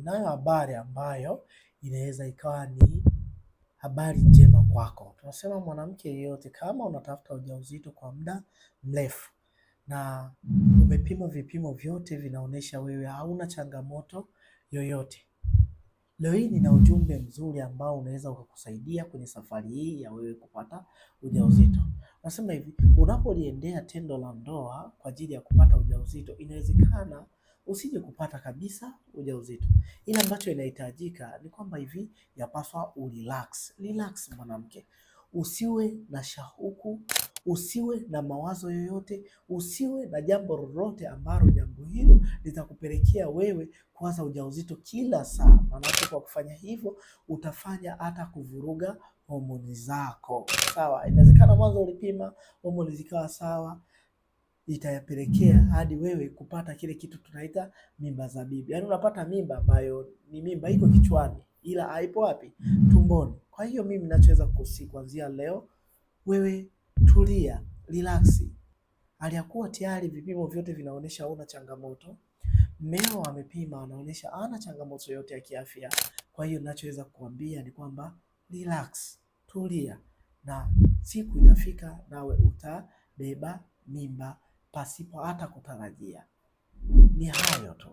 ninayo habari ambayo inaweza ikawa ni habari njema kwako. Tunasema mwanamke yeyote, kama unatafuta ujauzito kwa muda mrefu na umepima vipimo vyote vinaonyesha wewe hauna changamoto yoyote, leo hii nina ujumbe mzuri ambao unaweza ukakusaidia kwenye safari hii ya wewe kupata ujauzito. Nasema hivi, unapoliendea tendo la ndoa kwa ajili ya kupata ujauzito, inawezekana usije kupata kabisa ujauzito. ili ambacho inahitajika ni kwamba hivi yapaswa urelax. Relax mwanamke, usiwe na shauku, usiwe na mawazo yoyote, usiwe na jambo lolote ambalo jambo hilo litakupelekea wewe kuanza ujauzito kila saa, maanake kwa kufanya hivyo utafanya hata kuvuruga homoni zako. Sawa, inawezekana mwanzo ulipima homoni zikawa sawa itayapelekea hadi wewe kupata kile kitu tunaita mimba za bibi Yaani unapata mimba ambayo ni mimba iko kichwani ila haipo wapi? Tumboni. Kwa hiyo mimi nachoweza kusi kuanzia leo, wewe tulia, relax. Aliyakuwa tayari vipimo vyote vinaonyesha una changamoto. Mmeo amepima anaonyesha ana changamoto yote ya kiafya. Kwa hiyo nachoweza kuambia ni kwamba relax, tulia na siku itafika nawe utabeba mimba pasipo hata kutarajia. Ni hayo tu.